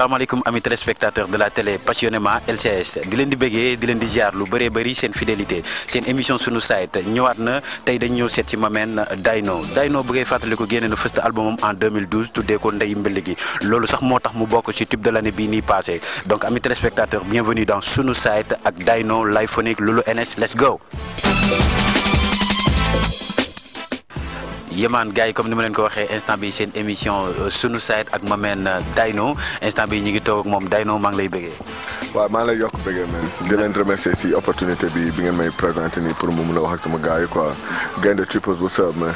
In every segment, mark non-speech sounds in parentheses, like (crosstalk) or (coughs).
alaikum amis téléspectateurs de la télé passionnément LCS dilen di Bégué dilen di ziar lu Béré c'est une fidélité sen émission sunu site ñëwaat na tay dañ ñëw sét ci Mamène Dino Dino bu ngay fàttali ko génné na first album en 2012 tout ko Ndey Mbëll gi loolu sax moo tax mu bok ci tube de l'année bini passé donc amis téléspectateurs bienvenue dans sunu site ak Dino Live Phonique Loulou NS let's go yémaan gars yi comme ni ma leen ko waxee instant bi seen émission euh, sunu site ak ma meen euh, Dayno instant bi ñu ngi toog ak moom Dayno maa ngi lay bëggee waaw maa ngi lay yokk bëggee man di leen remercier si opportunité bi bi ngeen may présenté nii pour moom mun a wax ak sama gars yi quoi gaynde triples what's up man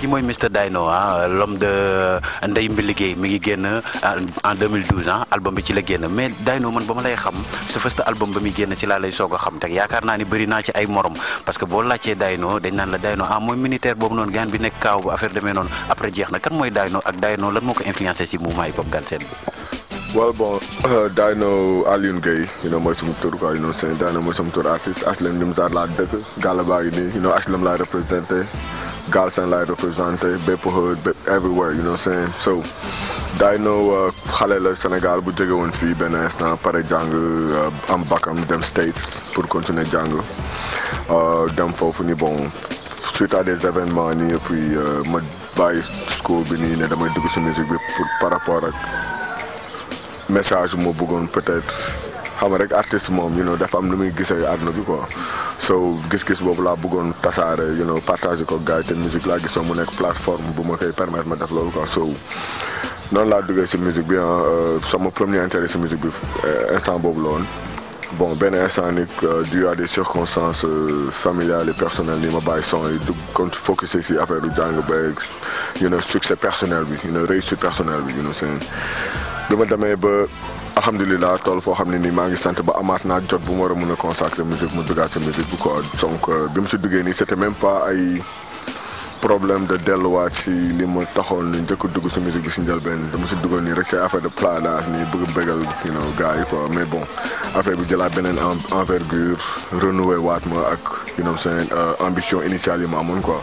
ki mooy Mr Dino ah l'homme de euh, Ndeye Mbile mu mi ngi génn euh, en 2012 ah album bi ci la génn mais Dino man ba ma lay xam sa first album ba muy génn ci laa lay soog a xam te yaakaar naa ni bëri naa ci ay morom parce que boo laajtee Dino dañ naan la Dino ah mooy militaire boobu noonu gaan bi nekk kaaw bu affaire demee noonu après jeex na mooy Dino ak Dino lan moo ko influencé ci mouvement hip hop Galsen bi Well, bon, uh, Dino Alioune Gueye you know mooy sama tur quoi you know c'est Dino mooy sama tur artiste HLM Nimzatt laa dëkk Gala baa ngi nii you know HLM laay représenté Galsen laay représenté bépp hood everywhere you know saying so Dino uh, xale la Sénégal bu jóge woon fii now. instant pare jàng uh, am bakam dem States pour continuer jàng Them uh, foofu ni bon Twitter à des événements nii et puis ma bàyyi school bi nii ne damay dugg si musique bi pour par rapport para. message moo bëggoon peut-être xam nga rek artiste moom you know dafa am lu muy gisee àdduna bi quoi so gis-gis boobu laa bëggoon tasaare you know partage ko gars yi te musique laa gisoon mu nekk plateforme bu ma koy permettre ma def loolu quoi so noonu laa duggee si musique bi ah, euh, sama premier intérêt si musique bi euh, instant boobu la bon benn instant ni euh, dû à des circonstances familiales et ni ma bàyyi son yi du kon focusé si affaire du jàng ba you know succès personnel bi you know réussite bi you know seen bi ma demee ba alhamdulilah tool foo xam ne nii maa ngi sant ba amaat naa jot bu mu war a mën a consacrer musique mu duggaat sa musique bu ko donc euh, bi mu si duggee nii c'était même pas ay problème de delluwaat si li ma taxoon ni njëkk dugg si musique bi si njëlbeen dama si duggoon nii rek c'est affaire de planage nii bëgg bégal you know gars yi quoi mais bon affaire bi jëlaat beneen envergure renouer waat ma ak you know seen euh, ambition initiale yi ma amoon quoi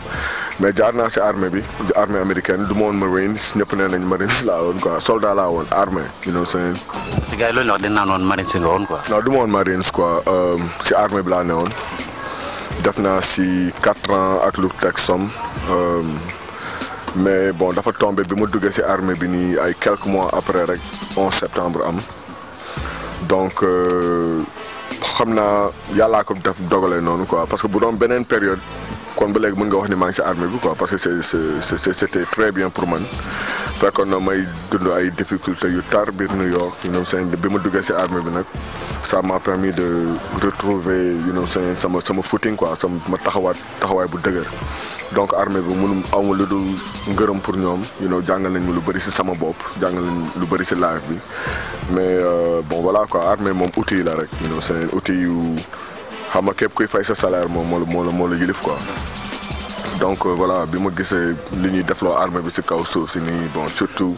mais jaar naa si armée bi armée américaine du ma woon marines ñëpp nee nañ marines (laughs) laa woon quoi soldat laa woon armée you know seen. si gars yi loolu la woon marines nga euh, si armée bi laa ne woon def naa si quatre ans ak lu teg somme euh, mais bon dafa tombé bi ma duggee si armée bi nii ay quelques mois après rek 11 septembre am donc. Euh, xam naa yàllaa ko def dogalee noonu quoi parce que bu doon beneen période kon ba légui mën nga wax ni ma ngi ci armée bi quoi parce que c'est c'était très bien pour man fekkon na may dund ay difficultés yu tar bir New York you know saying bi ma duggé ci armée bi nak ça m'a permis de retrouver you know saying sama sama footing quoi sama ma taxawat taxaway bu deuguer donc armée bi mënum awma lu dul ngeureum pour ñom you know jangal nañ lu bari ci sama bop jangal nañ lu bari ci live bi mais euh, bon voilà quoi armée mom outil la rek you know c'est outil yu xam nga képp kuy fay sa salaire moom moo la moo la moo la donc euh, voilà bi ma gisee li ñuy def defloo armée bi si kaw suuf si nii bon surtout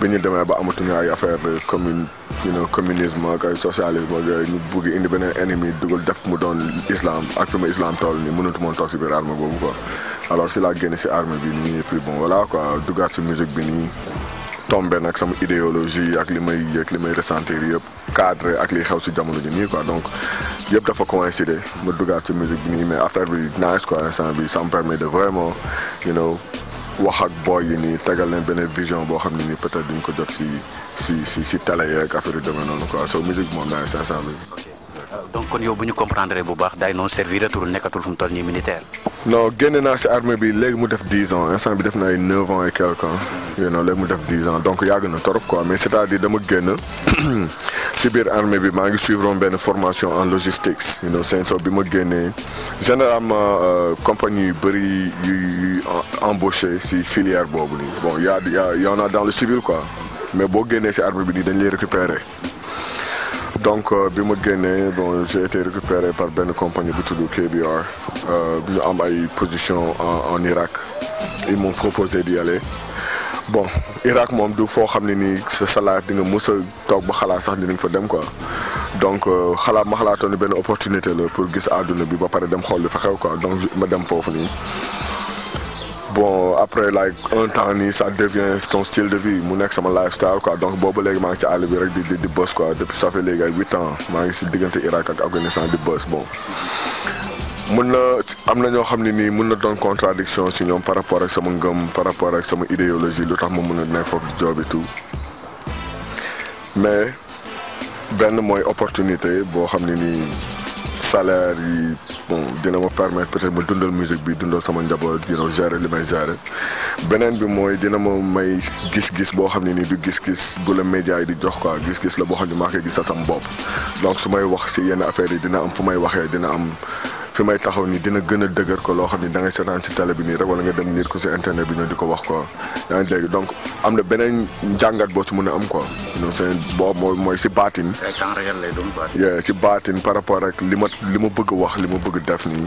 bi ñu demee ba amatuñu ay affaire de commune you know communisme ak ay socialisme ak yooyu ñu bugg indi beneen ennemi dugal def mu doon islam ak fi ma islam tool nii mënatu moon toog si biir armée boobu quoi alors si laa génne si armée bi nii et bon voilà quoi dugaat si musique bi nii. tombé nag sama idéologie ak li may yëg li may ressentir yëpp cadre ak li xew si jamono ji nii quoi donc yëpp dafa coïncider ma dugaat si musique bi nii mais affaire bi nice quoi instant bi ça me de vraiment you know wax ak boy yi nii tegal leen beneen vision boo xam ne nii peut-être duñ ko jot si si si si télé yeeg affaire yu demee noonu quoi so musique moom nice instant bi Euh, donc kon yow buñu comprendre bu baax day non servir atul nekkatul fum mu toll militaire. non génne na ci armée bi légui mu def 10 ans instant bi def na ay 9 ans et quelque hein. you non léegi mu def 10 ans donc yàgg na torop quoi mais c'est-à-dire dama génn ci (clears throat) biir armée bi maa ngi suivre benn formation en logistique. you know seen so bi ma génnee généralement euh, compagnie yu bëri embauché si filière boobu nii bon y a y en a dans le civil quoi mais boo génnee si armée bi nii dañ lay récupérer donc euh, bi ma génnee bon j'ai été récupéré par une compagnie bu tudd KBR Euh, ñu am position en Irak ils m'ont proposé d'y aller bon Irak moom du foo xam ni ce salaire di nga mës a toog ba xalaat ni dinañ fa dem quoi donc euh, xala ma xalaatoon ne benn opportunité pour gis aduna bi ba paré dem xol fa xew quoi donc ma dem fofu ni bon après like un temps ni ça devient ton style de vie mon ex sama lifestyle quoi donc boobu léegi maa ngi ci àll bi rek di di bës quoi depuis ça fait léegi ay huit ans maa ngi si diggante Irak ak Afghanistan di boss bon. mon na am na ñoo xam ne nii mën contradiction si ñoom par rapport ak sama ngëm par rapport ak sama idéologie lu tax ma mën a nekk foofu di tout mais benn mooy opportunité bon xam ne salaire yi bon dina ma permettre peut-être ma dundal musique bi dundal sama njaboot dina gérer li may gérer beneen bi mooy dina ma may gis-gis boo xam ne nii du gis-gis bu la média yi di jox quoi gis-gis la boo xam ne maa koy sa sama bopp donc su may wax si yenn affaires yi dina am fu may waxee dina am. fi may taxaw nii dina gën a dëgër ko loo xam ni da ngay si télé bi nii rek wala nga dem nit ko si internet bi nii di ko wax quoi yaa dégg donc am na beneen njàngat boo si mën a am ko non c'est boobu mooy mooy si baatin si baatin par rapport ak li ma li ma bëgg wax li ma bëgg def nii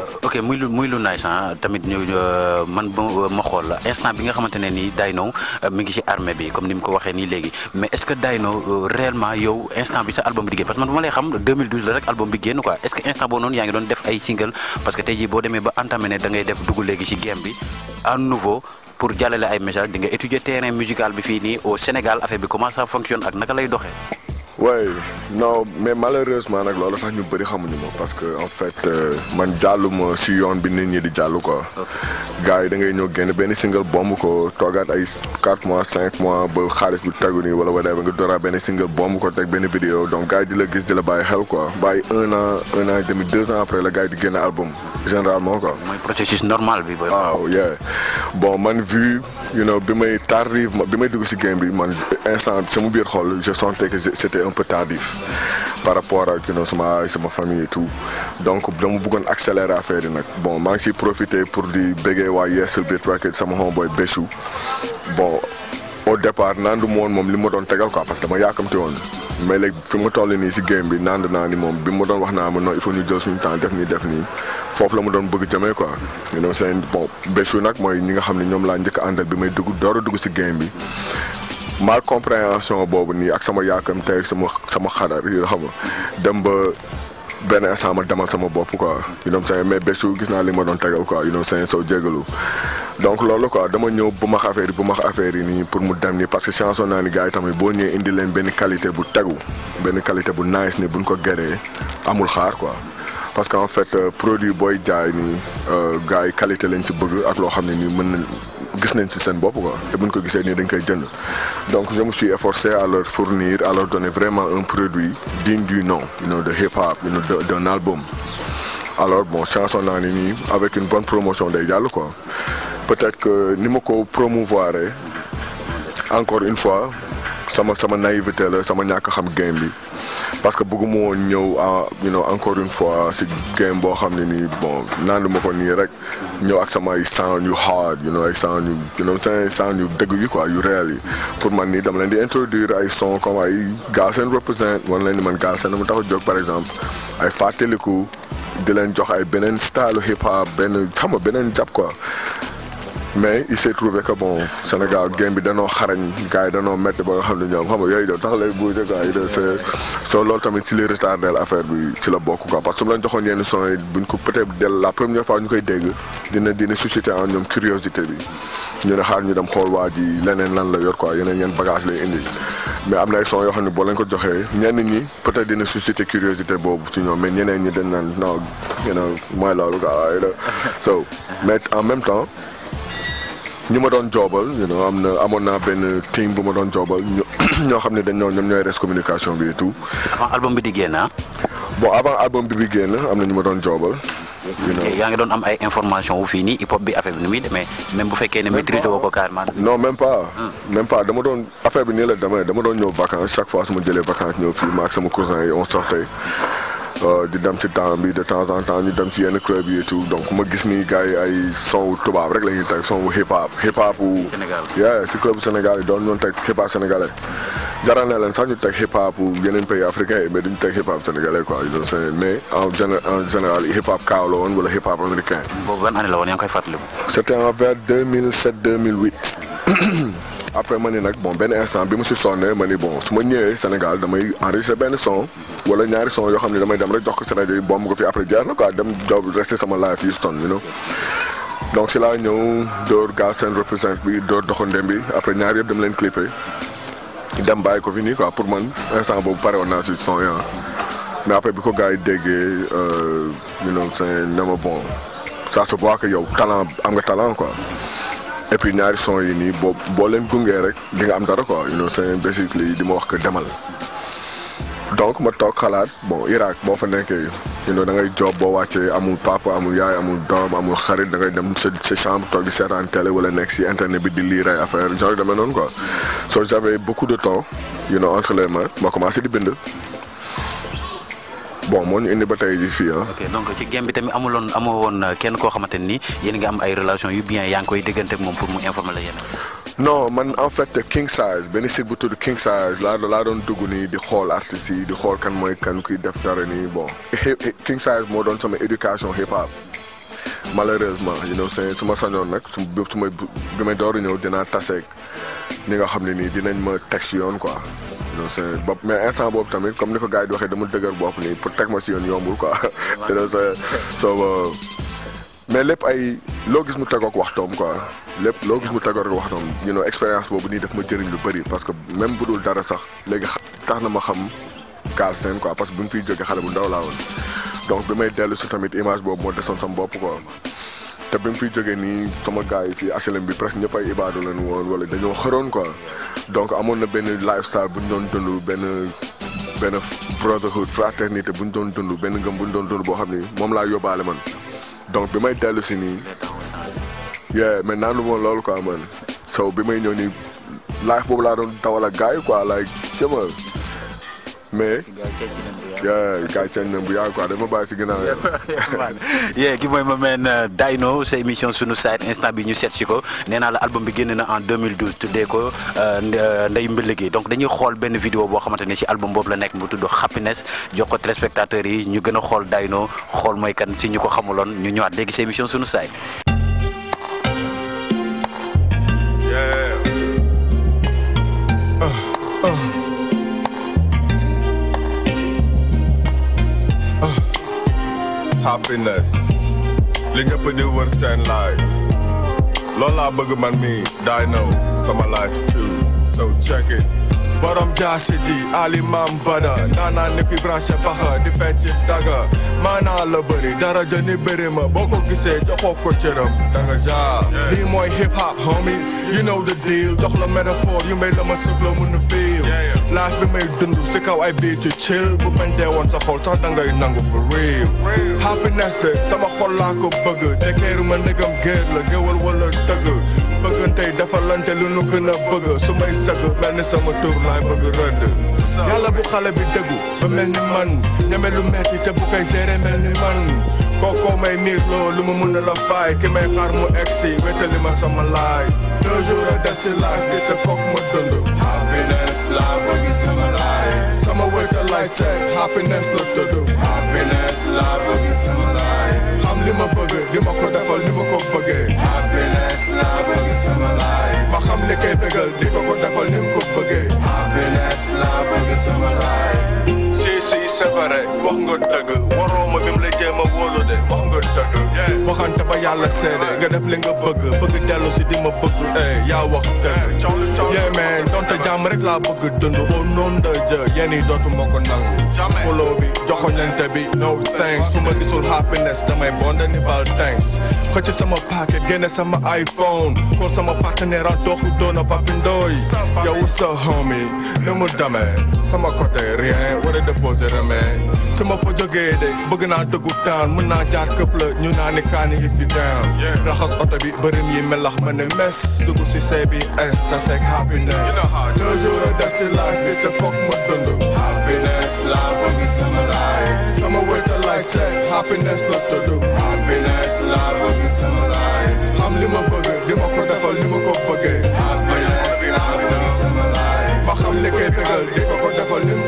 ok muy lu muy lu nice ah. tamit ñu euh, man euh, ma xool instant bi nga xamante ne nii Dyno euh, mi ngi ci armée bi comme ni mu ko waxee nii léegi mais est-ce que Dyno réellement yow instant bi sa album bi di génn parce que man bu ma lay xam la rek album bi génn quoi est-ce que instant boo noonu yaa ngi doon def ay single parce que tey jii boo demee ba entamé ne da def dugg léegi ci game bi à nouveau pour jàllale ay message di étudier terrain musical bi fii nii ak naka lay doxee. oui non mais malheureusement nag loolu tax ñu bëri xamuñu ma parce que en fait euh, man jàlluma si yoon bi nit ñi di jàll quoi. gars yi da ngay ñëw génn benn single bomb ko toogaat ay 4 mois cinq mois ba xaalis bu tegu nii wala wala nga dooraa benn single bomb ko teg benn vidéo donc gars yi di la gis di la bàyyi xel quoi bàyyi un an un an demi deux ans après la gars yi di génn album généralement quoi. mooy processus normal bi. waaw yeah bon man vu you know bi may tardivement bi may dugg si game bi man instant sama biir xol un peu tardif par rapport ak you know sama sama famille et tout donc dama bëggoon accélérer affaire yi nag bon maa ngi siy profité pour di béggee waa Yeesal Beat Records sama homeboy Béchou bon au départ naandu ma moom li ma doon tegal quoi parce que dama yaakamte woon mais léegi fi ma toll nii si game bi nand naa ni moom bi ma doon wax naa ma non il faut ñu jël suñu temps def nii def nii foofu la ma doon bëgg jëmee quoi you know seen nag mooy ñi nga xam ne ñoom laa njëkk àndal bi may dugg door a si game bi mal compréhension boobu nii ak sama yaakam tey sama sama xarar yi xam nga dem ba benn instant ma demal sama bopp quoi you know saying mais bésu gis naa li ma doon tegal quoi you know saying soo jégalu donc loolu quoi dama ñëw bu max affaire yi bu max affaire yi nii pour mu dem nii parce que chanson naa ni gars yi tamit boo ñëwee indi leen benn qualité bu tegu benn qualité bu nice ni buñ ko geree amul xaar quoi parce qu'en fait euh, produit boy, jaay euh, gars qualité de ci bëgg ak lo xamné ni nii gis nañ ci donc je me suis efforcé à leur fournir à leur donner vraiment un produit digne du nom you de hip hop d'un album alors bon chanson en ni avec une bonne promotion day quoi peut-être que ni peux promouvoir encore une fois sama sama naïveté la sama ñàkk xam game bi parce que bëgguma woon ñëw ah, you know encore une fois si game boo xam ne nii bon naan ma ko nii rek ñëw ak sama ay sound yu hard you know ay sound yu you know ay sound yu ko yi yu réel yi pour man nii dama leen di introduire ay son comme ay Galsen represent wan leen ni man Galsen mu tax a jóg par exemple ay fàttaliku di leen jox ay beneen style hip hop benn xam nga beneen jàpp quoi mais il s'est trouvé que bon Sénégal game bi danoo xarañ gars yi danoo métti ba nga xam ne ñoom xam nga yooyu da tax lay buy de gars yi de c'est soo loolu tamit ci li retardel affaire bi ci la bokk quoi parce que su mu leen joxoon yenn son yi buñ ko peut-être del la première fois ñu koy dégg dina dina susciter en ñoom curiosité bi ñu ne xaar ñu dem xool waa ji leneen lan la yor quoi yeneen yenn bagage lay indi mais am na ay son yoo xam ne boo leen ko joxee ñenn ñi peut-être dina susciter curiosité boobu ci ñoom mais ñi dañ naan non non en même temps Nous me doon job, you na team bu ma doon (clears throat) communication bi tout. avant album bi ah? bon avant album bi bi génn am ñu ma doon jobal ya nga doon am ay information wu fini hip hop bi affaire bi même bu maîtrise non même pas. Ah. même pas dama doon affaire bi nii la dama vacances chaque fois suma suis vacances ñëw fi sama cousin yi on sortait di dem ci temps bi de temps en temps ñu dem ci yenn club yi donc ma gis ni gars yi ay son tubaab rek la ñuy teg son hip hop hip hop. Sénégal yeah ci club Sénégal yi doon ñoon teg hip hop sénégalais. jaral na leen sax ñu teg hip hop yeneen pays africains yi mais duñu teg hip hop sénégalais quoi mais en général hip hop kaaw la hip hop américain. après man ni nag bon benn instant bi ma si sonnee ma ni bon su ma ñëwee Sénégal damay enregistré benn son wala ñaari son yoo xam ne damay dem rek jox ko Sénégal yi bomb ko fi après jeex na quoi sama life yi sonn you know donc si laa ñëw door gaa seen représent bi door doxandem bi après ñaar yëpp dem leen clipper dem bàyyi ko fi nii quoi pour man instant boobu pare woon naa si son yaa mais après bi ko gars yi déggee euh, you know c'est ne bon ça se voit que yow talent am nga talent quoi et puis ñaari son yi nii boo boo leen gungee rek di nga am dara ko you know seen basically yi di ma wax que demal donc ma toog xalaat bon Irak boo fa nekkee you know da ngay job boo wàccee amul papa amul yaay amul doom amul xarit da ngay dem sa sa chambre toog di seetaan télé wala nekk si internet bi di lire ay affaire genre demee noonu quoi soo j'avais beaucoup de temps you know entre les mains ma commencé di bind bon mo ñu indi ba tay ji fi hein ok donc ci game bi tamit amul won amo won euh, kenn ko xamanteni yeen nga am ay relation yu bien yang koy digënté mom pour mu informer la yeen non man en fait king size ben site bu tuddu king size la la don dugg ni di xol artiste yi di xol kan moy kan kuy def dara ni bon king size mo don sama education hip hop malheureusement you know c'est suma sañon nak suma suma bi may door ñew dina tassé ni nga xamné ni dinañ ma tax yoon quoi non sa bopp mais instant boobu tamit comme ni ko gars yi di waxee dama dëgër bopp nii pour teg ma si yoon yombul quoi te (laughs) non soo euh, mais lépp ay loo gis mu tegook waxtoom quoi lépp loo gis mu tegook waxtoom you know expérience boobu nii daf ma jëriñ lu bëri parce que même bu dul dara sax léegi tax na ma xam Carl Sène quoi parce que bu mu fiy jógee xale bu ndaw laa woon donc bi may dellu si tamit image boobu moo desoon sama bopp quoi te bi mu fiy jógee nii sama gars yi ci HLM bi presque ñëpp ay ibaadu leen woon wala dañoo xëroon quoi donc amoon na benn lifestyle bu ñu doon dund benn benn brotherhood fraternité bu ñu doon dund benn ngëm bu ñu doon dund boo xam ni moom laa yóbbaale man donc bi may dellu si nii yeah mais naanu ma loolu quoi man so bi may ñëw nii life boobu laa doon dawal ak gars yi quoi like jëma mais gars yi cañ nañ bu yàgg quoi dafa bàyyi si ginnaaw yee ki mooy ma meen sa émission sunu site instant bi ñu seet si ko nee naa la album bi génn na en 2012 tuddee ko uh, Ndey Mbëll gi donc dañuy xool benn vidéo boo xamante ne si album boobu la nekk mu tudd Happiness jox ko téléspectateurs yi ñu gën a xool Dyno xool mooy kan si ñu ko xamuloon ñu ñëwaat léegi sa émission sunu site uh, uh. happiness li ñëpp di wër seen life Lola laa bëgg man dino sama life too so check it borom jaasi ji Ali Mame nana naanaa ni kuy defensive dagger maanaa la bëri daraja ni bëri ma boo ko gisee joxoo ko cëram danga jaar lii mooy hip hop homie you know the deal jox la métaphore yu may la ma sëf la mën a fiil laaj bi may dund si kaw ay biir ci chill bu mentee woon sa xol sax dangay nangu for real happiness de sama xol laa ko bëgg te keeru ma ndegam géer la géwal wala dëgg bëggantey defalante lu nu gën a bëgg su may sama tur laay bëgg rënd yàlla bu xale bi dëggu ba man lu metti te bu man may mu la ki may xaar mu wétali ma sama deux jours te ma dund happiness laa bëgg sama laay sama happiness happiness sama ma bëgg li ma ko defal ni ma ko bëggee happiness laa bëgg sama laay ma xam li koy bëggal di ko ko defal ni ma ko bëggee happiness laa bëgg sama laay séparé wax nga dëgg waroo ma bi mu la de wax nga dëgg waxante ba yàlla seede nga def li nga bëgg bëgg dellu si di ma bëgg eh, yaa wax dëgg eh, yeah man donte jàmm rek laa bëgg dund au nom de Dieu yéen yi dootuma ko nangu foloo bi joxoñante bi no thanks su ma gisul happiness damay bonde ni bal thanks xëcc sama paquet génne sama iPhone pour sama partenaire a dooxu doona papi ndooy yow sa homie ni mu demee sama côté rien wara déposer man. sama fa jógee de bëgg naa dëggu taan mën naa jaar këpp la ñu naa ni if you down raxas oto bi bërim yi melax ma ne mes dugg si say bi es ta seeg happiness deux jours a des si life bi te foog ma dund happiness laa bëgg sama life sama weta lay seeg happiness la tudd happiness laa bëgg sama life I'm ma bëgg di ma ko defal li ma ko bëggee happiness laa bëgg sama life ma xam li koy bëggal di ko ko defal li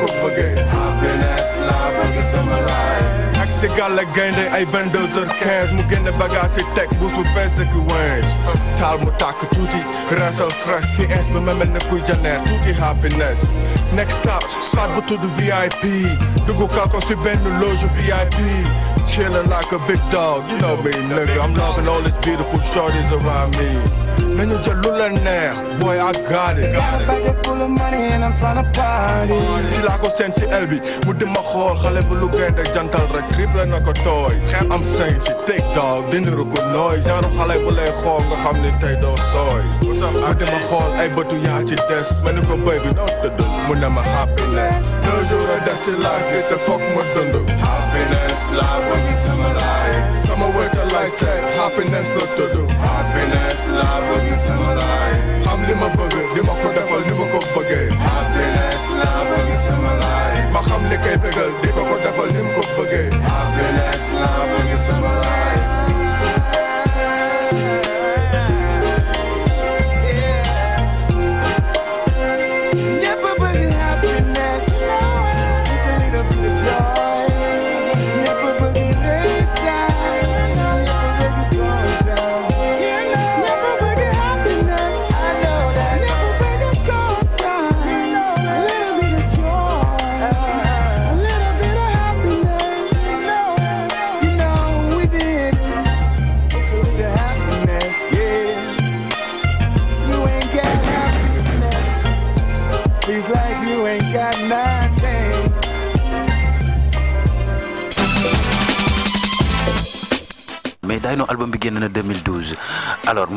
si gàlla gaynde ay benn deux cans quinze mu génne bagage si teg buus bu bees ak wins taal mu tàkk tuuti rensal stress si ins bi memel ne kuy janeer tuuti happiness next stop spot to the VIP dugg kako si benn loge VIP chillin' like a big dog you know me nigga I'm loving all these beautiful shorties around me nañu jël lu leen neex boy I got it. ci laa ko seen si el bi mu di ma xool xale bu lu gaynde jantal rek triple na ko tooy xeet am cinq si tig dog di niru ko nooy genre xale bu lay xool nga xam ni tey doo sooy mu di ma xool ay bëtu yaa ci des ma ni ko béy bi noo tëdd mu ne ma happiness deux jours a des si life bi te foog ma dund happiness laa bëgg sama life sama the life, seet happiness la tudd happiness laa bëgg longest time alive.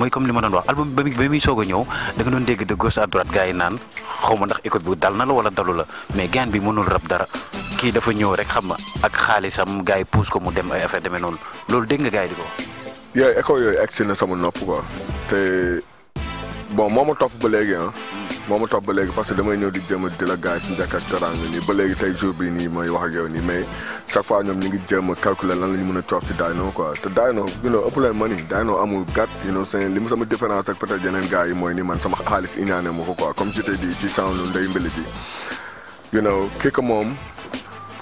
mooy comme li ma doon wax album ba muy soog ñëw da doon dégg de gauche à droite gars yi naan xaw ma ndax école bi dal na la wala dalu la mais gaan bi mënul rab dara kii dafa ñëw rek xam nga ak xaalisam gars yi pousse ko mu dem ay affaire demee noonu loolu dégg nga gars yi di ko yooyu école yooyu egg si na sama nopp quoi te bon moo ma topp ba léegi ah. moo ma topp ba léegi parce que damay ñëw di jéem a di la gars ci njëkk ak teraanga ni ba léegi tey jour bii nii mooy wax ak yow nii mais chaque fois ñoom ñu ngi jéem calculer lan la ñu mën a coof ci Dyno quoi te you know ëpp leen money nii Dyno amul gàtt you know seen li mu sama différence ak peut être yeneen gars yi mooy nii man sama xaalis iñaane ma ko quoi comme je t'ai dit ci sound Ndeye Mbele bi you know kick ko moom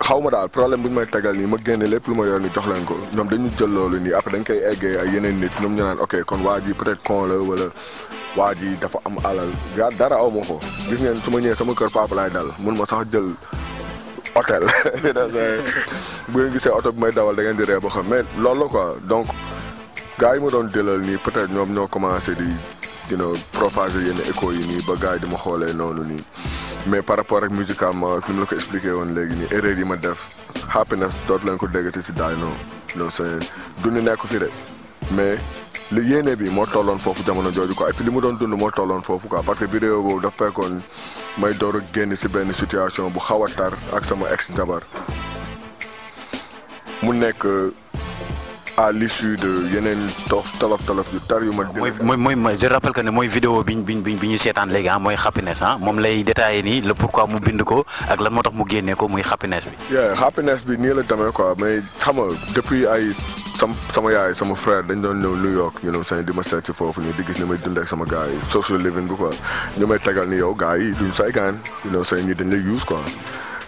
xaw ma daal problème bu ñu may tegal nii ma génne lépp lu ma yor ni jox leen ko ñoom dañu jël loolu nii après dañ koy eggee ak yeneen nit ñoom ñu naan ok kon waa ji peut-être con waa ji dafa am alal yaa dara aw ma ko gis ngeen su ma ñëwee sama kër papa laay dal mun ma sax jël hôtel (laughs) bu ngeen gisee oto bu may dawal da ngeen di ree ba xam mais loolu la quoi donc gars yi ma doon jëlal nii peut-être ñoom ñoo commencé di you know propager yenn échos yi nii ba gars yi di ma xoolee noonu nii mais par rapport ak musicalement ak ni mu la ko woon léegi nii erreur yi ma def happiness dootu leen ko déggati si daay noonu loolu c'est dund nekk fi de mais li yéene bi moo tolloon foofu jamono jooju ko et puis li mu doon dund moo tolloon foofu quoi parce que vidéo boobu dafa fekkoon may door a génn si benn situation bu xaw a tar ak sama ex jabar mu nekk. à l'issue de yeneen toof tolof tolof yu tar yu ma. mooy mooy je rappelle que ne mooy vidéo bi ñu bi bi ñu seetaan léegi ah, mooy happiness ah moom lay détaillé nii le pourquoi mu bind ko ak lan moo tax mu génnee ko muy happiness bi. yeah happiness bi nii la demee quoi mais xam nga depuis ay sam sama yaay sama frère dañ doon ñëw New York ñu ne seen di ma seet si foofu ñu di gis ni may dund ak sama gars yi social living bi quoi ñu may tegal ni yow gars yi duñ say gaan ñu ne seen ñi dañ lay use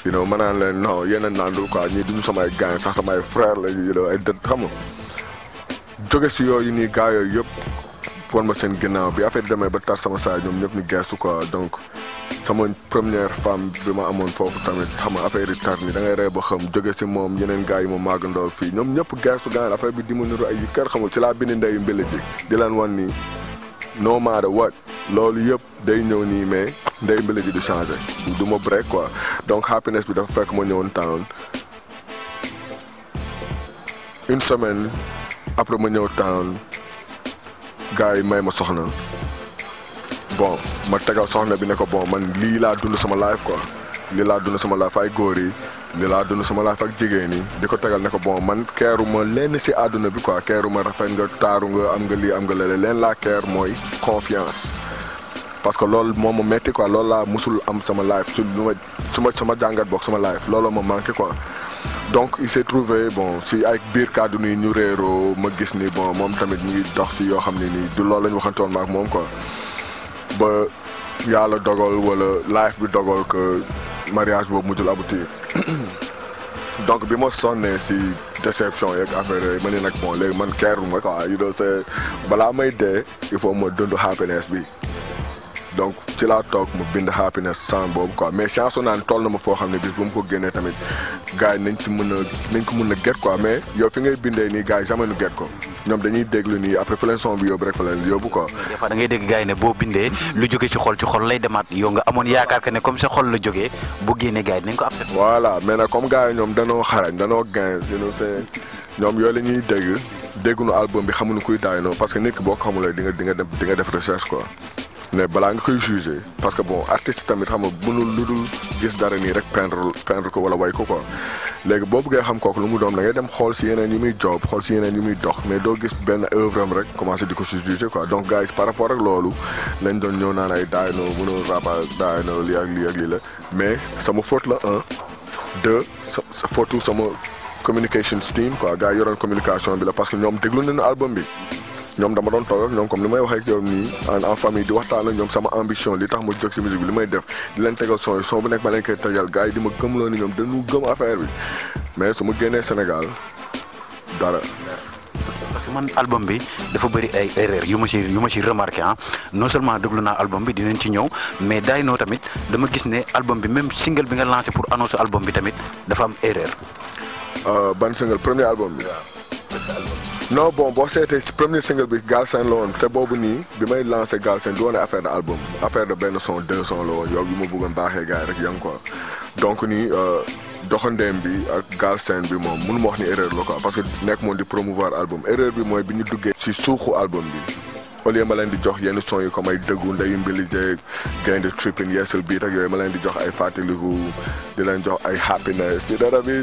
you know ma naan leen non yéen a naandu quoi ñii duñu samay gaañ sax samay frère la you know ay dët xam nga jóge si yooyu nii gars yooyu yëpp wan ma seen ginnaaw bi affaire demee ba tar sama saa ñoom ñëpp ñu geesu quoi donc sama première femme bi ma amoon foofu tamit xam nga affaire yi tar ni da ngay ree ba xam jóge si moom yeneen gars yi ma màggandoo fii ñoom ñëpp geesu gaañ affaire bi di ma niru ay yu kër xamul ci laa bindi ndeyu mbili ji di leen wan ni no matter what loolu yëpp day ñëw nii mais ndey mbili gi di changé du ma break quoi donc happiness bi dafa fekk ma ñëwoon town une semaine après ma ñëw town gars yi may ma soxna bon ma tegal soxna bi ne ko bon man lii laa dund sama life quoi lii laa dund sama life ay góor yi lii laa dund sama life ak jigéen yi di ko tegal ne ko bon man keeruma lenn si àdduna bi quoi keeruma rafet nga taaru nga am nga lii am nga lële leen laa keer mooy confiance parce que loolu moi, ma métti quoi loolu la musul am sama life su ma ma sama jàngat boog sama life looloo moi manqué quoi donc il s'est trouvé bon si avec Birka kàddu ni ñu réeroo ma ni bon moom tamit ni ngi yo si ni du loolu la waxantone waxantoon ma ak moom quoi ba yalla dogal wala life bi dogal que mariage boobu mujjul abuti (coughs) donc bi ma sonné, si déception yak affaire yooyu ma ne bon légui man kerruma quoi you know c'est bala may dé il faut mo dund happiness bi donc ci laa toog mu bind happiness sang boobu quoi mais chance naa ne toll na ma foo xam ne bis bu mu ko génnee tamit gars yi nañ ko mën a get quoi mais yow fi ngay bindee nii gars yi jamais nu get ko ñoom dañuy déglu nii après fa leen son bi yóbbu rek fa leen yóbbu dégg gars ne boo bindee lu jóge ci xol ci xol lay demaat yow nga amoon yaakaar que ne comme sa xol la jógee bu génnee gars yi nañ ko accepté. voilà mais nag comme gars yi ñoom danoo xarañ danoo gain ñoom dégg dégguñu album bi xamuñu kuy daay noonu parce que nit boo ko xamulee nga di nga def recherche quoi mais balaa nga koy jugé parce que bon artiste tamit xam nga mënul lu dul gis dara nii rek peindre peindre ko wala way ko quoi léegi boo bëggee xam kooku lu mu doom da ngay dem xool si yeneen yu muy job xool si yeneen yu muy dox mais doo gis benn œuvre am rek commencé di ko jugé quoi donc gars par rapport ak loolu lañ doon ñëw naan ay daay noo mënoo raba daay noo lii ak lii ak lii la mais sama faute la un deux sa faute sama communication team quoi gars yi yoroon communication bi la parce que ñoom déglu nañu album bi ñoom dama doon toog ak ñoom comme li may wax ak yow nii en famille di waxtaan ak ñoom sama ambition li tax ma jóg ci musique bi li may def di leen tegal son yi son bu nekk ma leen koy tegal gars di ma gëmloo ni ñoom dañu gëm affaire bi mais su ma génnee Sénégal dara. man album bi dafa bëri ay erreur yu ma ci yu ma ci remarqué ah non seulement déglu naa album bi dinañ ci ñëw mais daay noo tamit dama gis ne album bi même single bi nga lancé pour annoncer album bi tamit dafa am erreur. Euh, ban single premier album bi. non bon bon, seetee si premier single de Galsen la woon te boobu nii bi may lancé Galsen du woon affaire de album affaire de benn son deux son la woon yow bi ma bëggoon quoi donc ni, euh, doxandeem bi ak Galsen bi moom mënu ma wax ni erreur la quoi parce que n'ek moom di promouvoir album erreur bi mooy bi ñu duggee si suuxu album bi au lieu ma leen di jox yenn son yi comme ay dëggu ndeyu mbili jeeg gaynde tripping yeesal biit ak yooyu ma di jox ay fàttaliku di leen jox ay happiness ci dara bi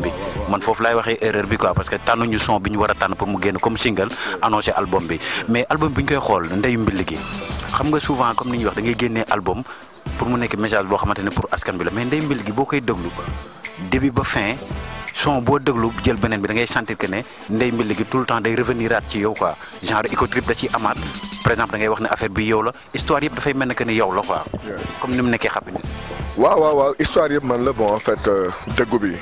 album bi man foofu laay waxee erreur bi quoi parce que tànnuñu son bi ñu war a tànn pour mu génn comme single annoncé album bi mais album bi ñu koy xool ndeyu mbill gi xam nga souvent comme ni ñuy wax da ngay album pour mu nekk message boo xamante ne pour askan bi la mais ndeyu mbill gi boo koy da ngay sentir que ne le temps day revenir aat ci yow quoi genre éco bi yow la histoire yëpp dafay mel ne que dëggu bi.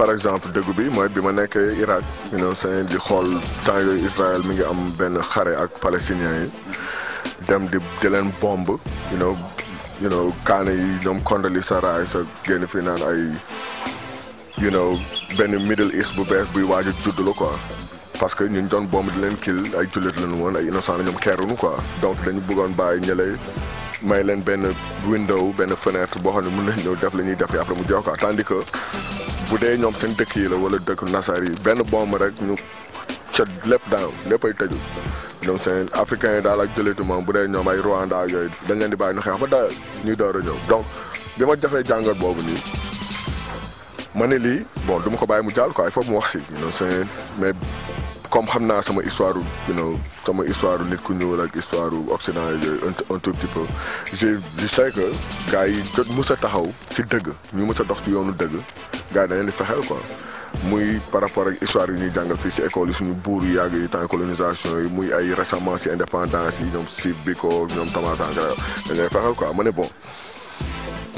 par exemple dëgg bi mooy bi ma nekkee Irak 1951 di xool temps yooyu Israël mi ngi am benn xare ak palestiniens yi dem di di leen bomb you know you yi ñoom Condoleezza Rice ak génn fi naan ay you know benn Middle East bu bees buy waaj a judd la quoi parce que ñu doon bomb di leen kill ay jullit lañu woon ay innocent la ñoom keerunu quoi donc dañu bëggoon bàyyi ñële may leen benn window benn fenêtre boo xam ne mën nañ ñëw def la ñuy def après mu jox ko tandis que bu dee ñoom seen dëkk yi la wala dëkk nasar yi benn bomb rek ñu ca lépp daaw léppay tëju ñoom seen africain yi daal ak jëlitu moom bu dee ñoom ay Rwanda yooyu dañ leen di bàyyi ñu xeex ba daal ñuy door a ñëw donc bi ma jafee jàngat boobu nii ma ne lii bon du ma ko bàyyi mu jàll quoi il faut mu wax si ñoom seen mais comme xam naa sama histoire you know sama histoire nit ku ñëwal ak histoire occident yooyu un tout petit peu je je sais que yi jot mës a taxaw ci dëgg ñu mu a dox ci yoonu dëgg gaa yi dañ leen fexeel ko muy par rapport ak histoire yi ñuy jàngal fii si école yi suñu buur yàgg yi temps colonisation yi muy ay récemment ci indépendance yi ñoom si Biko ñoom Thomas Sankara dañ leen fexeel ko ma ne bon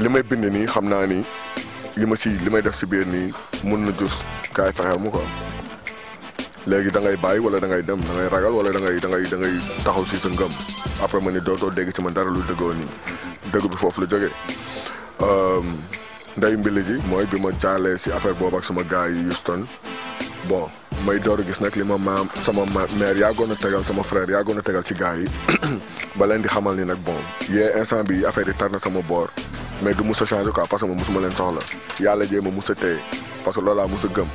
li may bind nii xam naa ni li ma si li may def si biir nii mun na jus kaay fexeel mu quoi. lagi da ngay bàyyi wala da ngay dem da nah, ngay ragal wala da ngay da ngay da ngay taxaw si sa ngëm après ma ni dootoo dégg ci man dara lu dëggoo nii dëgg bi foofu la mbili ji si affaire boobu ak sama gars Houston bon may door a gis nag li sama mère yaagoon tegal sama frère yaagoon a tegal ci gars yi ba bom, di xamal ni bon instant eh, bi affaire yi sama bor mais du mus a changé quoi parce que ma musuma leen soxla yàlla jee ma musa a parce que gëm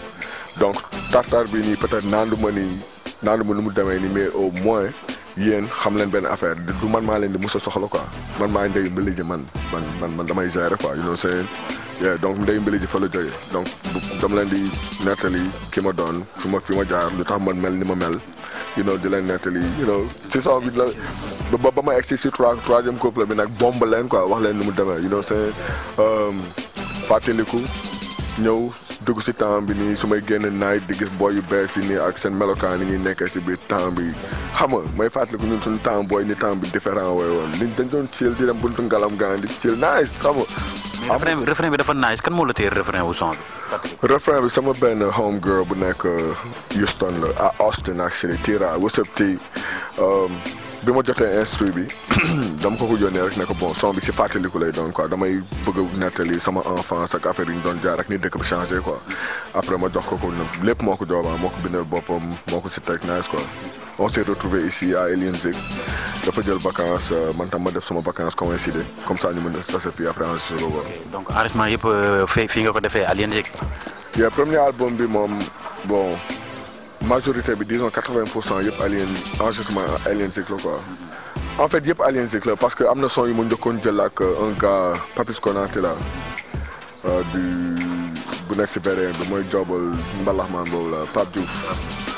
donc tartar bii nii peut-être naandu ma nii naandu ma nu mu demee nii mais au moins yéen xam leen benn affaire du man maa leen di mos a soxla quoi man maa ndey mbële ji man man man man damay gérer quoi you know seen donc ndey mbële ji fa la jógee donc dama leen di nettali ki ma doon fi ma fi ma jaar lu tax man mel ni ma mel you know di leen nettali you know si son bi la ba ba ma egsi si trois troisième couple bi nag bomb leen quoi wax leen nu mu demee you know seen euh, fàttaliku ñëw. dugg si temps bi nii su may génn naay di gis booy yu bees yi nii ak seen melokaan yi ñuy nekkee si biir temps bi xam nga may fàttaliku ñun suñu temps booy ni temps bi différent wooy woon liñ dañ doon chill di dem buntu ngalam gaan di chill nice xam nga bi dafa nice kan moo la téye refrain wu son bi refrain bi sama benn home girl bu nekk Houston la à Austin actually Tira what's up T um, bi ma jotee instru bi (clears throat) dam ko ko yónnee rek ne ko bon son bi si fàttaliku lay doon quoi damay bëgg netali sama enfance ak affaire yi ñu doon jaar ak ni dëkk bi changer quoi après ma jox ko ko lépp moko ko moko moo ko bindal boppam moo ko si nice quoi on s'est retrouvé ici à Elienzig dafa jël vacances euh, man tam ma def sama vacances coïncidé comme ça ñu mën a tase euh, fii après enregistré ko donc enregistrement yëpp fi nga ko defee à Elienzig. premier album bi mom bon. majorité bi disons quatre-vingt pour cent yëpp Alien enregistrement Alien Zik la quoi en fait yëpp Alien Zik la parce que am na son yu ma njëkkoon jël ak euh, un gars Papis Konaté la euh, du bu nekk si beneen bi mooy joobal mbalaxmaan boobu la Pape Diouf.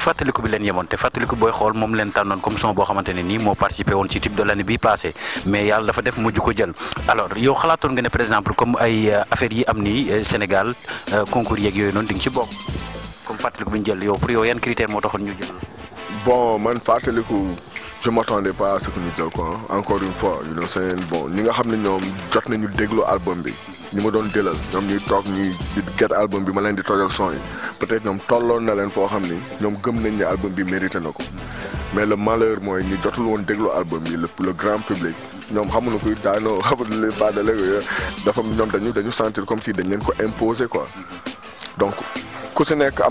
ci fàttaliku bi leen yemoon te fàttaliku booy xool moom leen tànnoon comme son boo xamante nii moo participé woon ci type de l'année bi passé mais yàlla dafa def mujj ko jël alors yow xalaatoon nga ne par exemple comme ay euh, affaires yi am nii euh, Sénégal euh, concours yeeg yooyu noonu di ci bokk comme fàttaliku bi ñu jël yow pour yow yan critère moo taxoon ñu jël bon man fàttaliku je m'attendais pas à ce que nous hein. disions encore une fois you know saying bon avons nga nous Nous avons jot nañu nous album bi nous nous peut-être nous leen nañ mérité mais le malheur est nous jotul déglu album le grand public Nous a que nous avons nous baadale dafa Nous dañu dañu sentir comme si dañ leen quoi donc ce n'est pas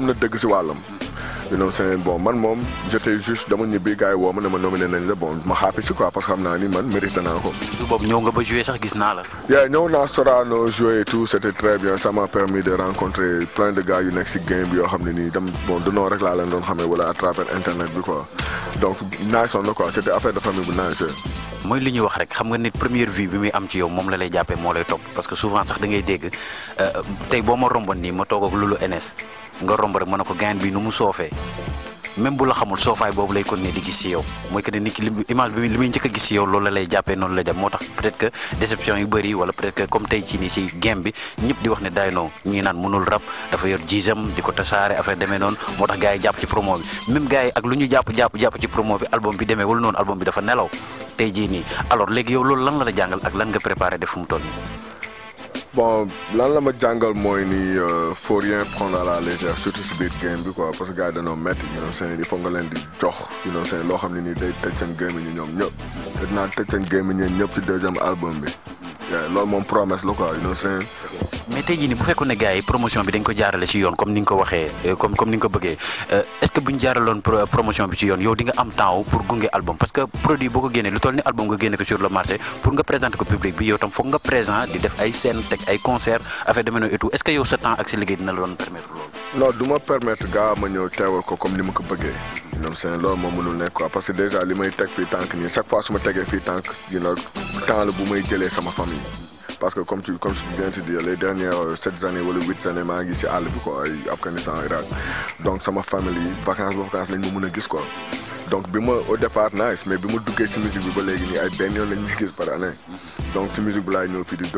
you know saying bon man moom j'étais juste dama ñibbi gars yi woo ma ne ma nominé nañ la bon ma happy si quoi parce que xam naa ni man mérite naa ko. su boobu ñëw nga ba jouer sax gis naa la. yaa ñëw naa Sorano jouer et tout c' était très bien ça m'a permis de rencontrer plein de gars yu nekk si game bi yoo xam ne nii dem bon de noonu rek laa leen doon xamee wala à travers internet bi quoi donc nice on la quoi c' était affaire de famille bu nice. mooy li ñuy wax rek xam nga ni première vie, bi muy am ci yow moom la lay jàppee moo lay topp parce que souvent sax da ngay dégg euh, tey boo ma romboon nii ma toog ak Loulou NS nga romb rek ma ne ko gain bi nu mu soofee même bu la xamul soofaay boobu lay continuer di gis si yow mooy que ne nit ki image bi li muy njëkk a gis si yow loolu la lay jàppee noonu la jàpp moo tax peut-être que déception yu bëri wala peut di wax ne Dyno ñii naan mënul moo tax gars yi jàpp ci promo bi même gars yi ak lu ñu jàpp jàpp jàpp ci promo bi album bi demee wala noonu album bi dafa nelaw tey jii nii alors léegi yow loolu lan la la jàngal ak lan nga préparé def fu mu toll bon lan la ma jàngal mooy nii euh, faut rien prendre à la légère surtout si biir game bi quoi parce que gars yi dañoo métti ñu ne seen il faut nga leen di jox ñu ne seen loo xam ne nii day tëj seen game yi ñoom ñëpp te dinaa tëj seen game yi ñoom ñëpp ci deuxième album bi. loolu moom promesse la quoi you know mais tey jii nii bu fekkoon ne gars yi promotion bi dañ ko jaarale ci yoon comme ni nga ko waxee euh, comme ni nga ko bëggee euh, est-ce que jaaraloon promotion bi ci yoon yow di nga am temps pour gunge album parce que produit boo ko génnee lu toll ni album nga génne ko sur le marché pour nga présenter ko public bi yow tam foog nga présent di def ay scène teg ay concert affaire de mel et yow sa temps ak sa liggéey dina la Non, je ne peux pas permettre de faire des choses comme je veux. Je ne sais pas si je ne peux pas. Parce que déjà, je suis très fier. Chaque fois que je suis des fier, je suis très fier. Je suis ma famille. Parce que comme tu, comme tu viens de dire, les dernières 7 ans ou 8 ans, je suis allé Afghanistan et en Irak. Donc, ma famille, vacances, vacances, je ne peux pas donc au départ nice mais bi ma duggee musique bi ba léegi nii ay benn yoon la par donc la musique bi laay ñëw fii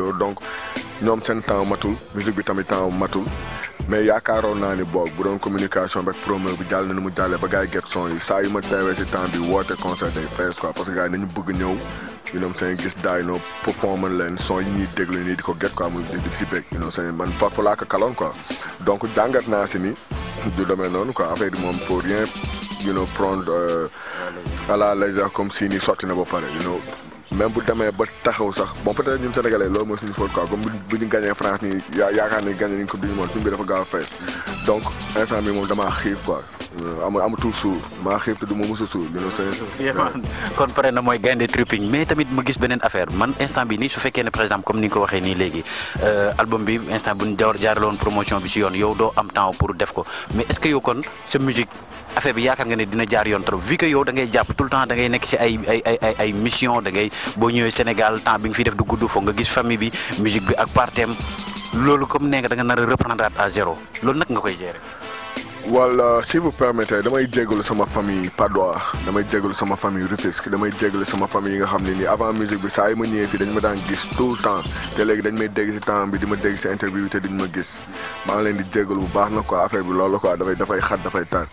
donc temps matul musique tamit temps mais yaakaaroon naa ni boog bu communication rek promo bi jàll na mu jàllee ba gars yi yi saa yu ma teewee si temps bi concert Il fees quoi parce que gars yi bëgg you know what I'm saying gis daay no performance leen son yi ñuy déglu nii di ko get quoi muy di si you know what I'm saying man for laa ko kaloon don't jàngat naa si ni du demee noonu quoi affaire bi rien you know prendre euh, à la légère come si ni sotti na ba pare you know même bu demee ba taxaw sax bon peut être ñun sénégalais loolu mooy suñu faute quoi comme bu ñu gagné France nii yaa yaakaar ne gagné nañ coupe du monde suñu bi dafa gaaw fees donc instant bi moom xiif quoi euh, am (laughs) kon pare na tripping mais tamit ma gis beneen affaire man instant bi nii su par exemple comme ni euh, album bi instant bu ñu jaar jaarale woon promotion bi yoon yow am temps pour def ko mais est ce que yow kon sa musique affaire bi yaakaar nga ne dina jaar yoon trop vu que yow da ngay jàpp tout temps da ngay nekk ci ay mission da ngay boo ñëwee Sénégal temps bi nga fi def du gudd foog nga gis famille bi musique bi ak partem loolu comme nee nga danga na nar a reprendre à zéro loolu nag nga koy gérer. wala si vous permettez damay jégalu sama famille Padois damay jégalu sama famille Rufisque damay jégalu sama famille yi nga xam ne nii avant musique bi saa yi ma ñëwee fii dañ ma daan gis tout le temps te léegi dañ may dégg si temps bi di ma dégg si interview bi te duñ ma gis maa ngi leen di jégalu bu baax na ko affaire bi loolu quoi dafay dafay xat dafay tar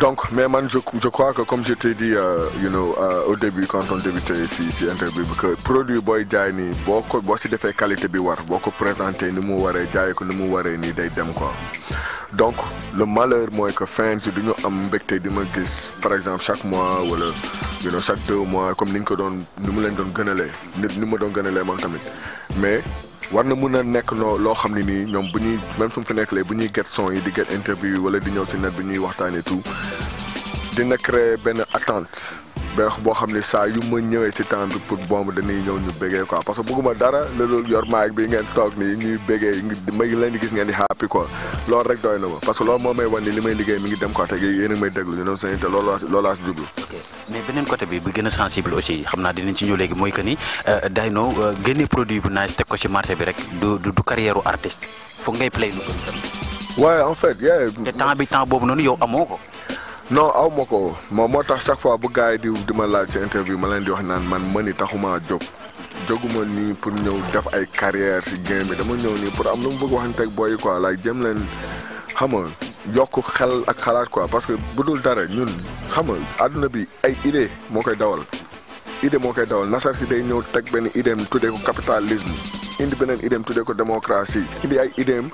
Donc, je, crois que comme je t'ai dit euh, euh, au début, quand on débutait ici, interview, que produit boy Jaini, beaucoup, boo de qualité bi war beaucoup présenter nous ni mu jaay ko ni quoi. donc le malheur moins que fans nous nous am par exemple chaque mois ou you know chaque deux mois comme nous, nous ko nous ni mu nous avons mais. war na mun a nekk noo loo xam ne nii ñoom bu ñuy même su mu fi nekk lee bu ñuy get yi di get interview wala di ñëw si net bi ñuy waxtaanee tout dina créer benn attente beex boo xam ne saa yu ma ñëwee ci temps pour bomb dañuy ñëw ñu bégee quoi parce que bëgguma dara la loolu yor maag bi ngeen toog nii ñuy bégee may gis ngeen di happy quoi loolu rek doy na ma parce que loolu moo may wan ni li may liggéey mi ngi dem quoi te yéen a may déglu ñu doon seen te loolu laa si jublu mais beneen côté bi bi gën a sensible aussi xam naa dinañ ci ñëw léegi mooy que ni euh, Dyno euh, génne produit bu nice teg ko ci marché bi rek du du te bi temps boobu noonu yow amoo ko non aw ma ko moom moo tax chaque fois bu gars yi di di ma laaj ci interview ma leen di wax naan man mëni taxuma jóg jóguma nii pour ñëw def ay carrière si game bi dama ñëw nii pour am lu mu bëgg waxanteeg booy yi quoi laaj jëm leen xam nga yokk xel ak xalaat quoi parce que bu dul dara ñun xam nga àdduna bi ay idée moo koy dawal idée moo koy dawal nasar si day ñëw teg benn idéem tuddee ko capitalisme indi beneen idéem tuddee ko démocratie indi ay idéem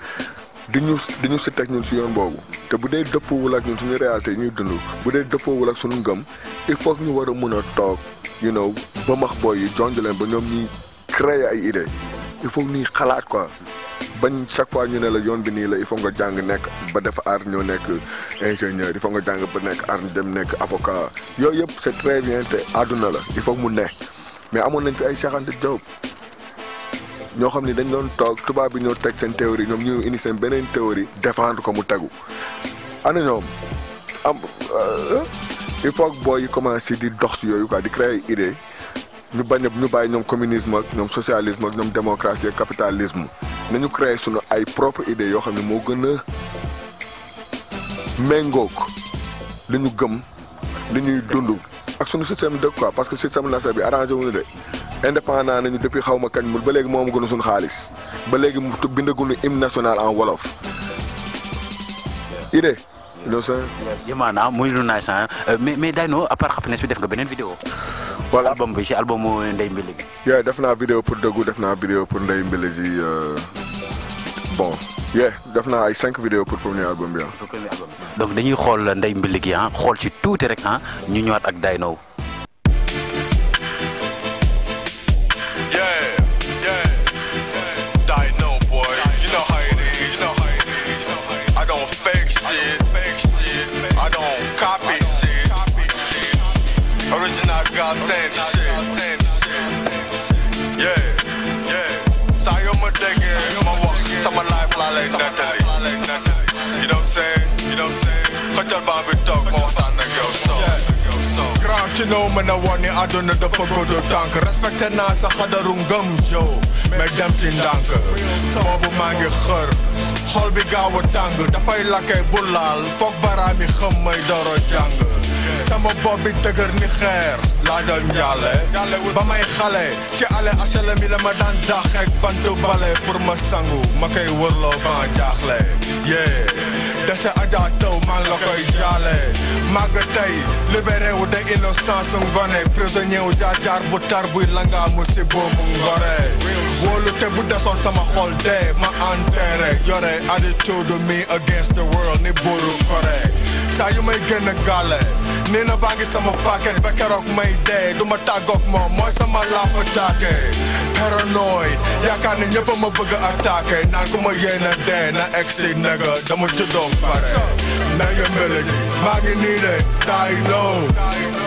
di ñu di ñu sit ak ñun si yoon boobu te bu dee dëppoowul ak ñun suñu réalité ñuy dund bu dee dëppoowul ak suñu ngëm il faut ñu war a mën a toog you know ba max booy yi jonj ba ñoom ñuy créer ay idée il faut ñuy xalaat quoi bañ chaque fois ñu ne la yoon bi nii la il faut nga jàng nekk ba def ar ñoo nekk ingénieur il faut nga jàng ba nekk art dem nekk avocat yooyu yëpp c'est très bien te àdduna la il faut mu ne mais amoon nañ fi ay Cheikh Anta Nous xam ne dañ doon toog tubaab bi théorie nous ñu indi seen théorie défendre ko mu tegu ana euh, yi commencé di dox di créer idée ñu ñu communisme ak socialisme ak démocratie ak capitalisme nañu créer sunu ay propre idée yoo xam ne moo gën a méngoog li ñu gëm li ñuy dund ak sunu système de quoi parce que système bi arrangé indépendant nañu depuis xaw ma kañ ba léegi moom gënu suñu xaalis ba léegi mu bindaguñu hymne national en wolof. idée. loolu muy lu naay sax euh, mais mais Dayno à part happiness def nga beneen vidéo. wala album bi ci album ndey Ndeye bi. yooyu def naa vidéo pour dëggu def naa vidéo pour Ndeye Mbile ji euh, bon. yeah naa ay cinq vidéos pour premier album bi ah. donc dañuy xool ndey Mbile gi ah, xool ci tuuti rek ah ñu ñëwaat ak Dayno. ci noo mën a wone àdduna dafa goddu tànk respecté naa sa xadaru ngëm jow mais dem ci ndànk boobu maa e xër xol bi gaaw a tàng dafay lakkee bu laal foog baraami xëm may doro jàng sama bopp bi dëgër ni xeer laa doon jàlle ba may xale ci ale HLM la ma daan daaxeek bantu bale pour ma sangu ma koy wërloo ba jaaxle yee dese Adja taw man la koy jaale màgg tey libéré wu de innocence ngone prisonnier wu jaar jaar bu tar buy langaa mu si boobu ngore wóolu te bu desoon sama xol dee ma enterré yore attitude me against the world ni buuru Corée saayumay génn gàlle nee na baa ngi sama paquet ba keroog may dee du ma tàggoog moom mooy sama paranoid yaakaar ne ñëpp ma bëgg attaqué Na ku ma yéen a na egg si nega dama juddoo pare na yëmbele ji maa ngi nii de die low